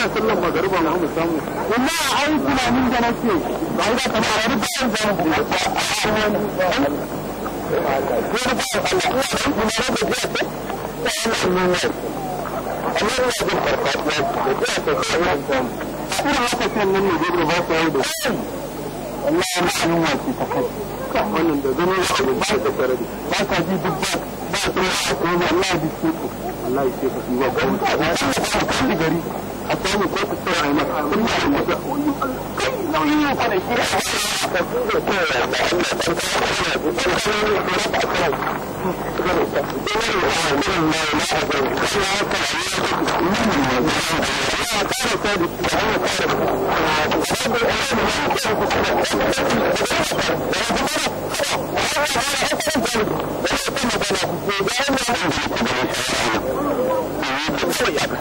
ana sallan magariba na mu samu kuma ai tunanin da nake ba ga kamar ba zan samu ko ba Allah ba ba ji duk ba ko ba Allah bi ko Allah ya gari a samu ko ta ai maka in ba mu da kai nauyi da ko ya ba Allah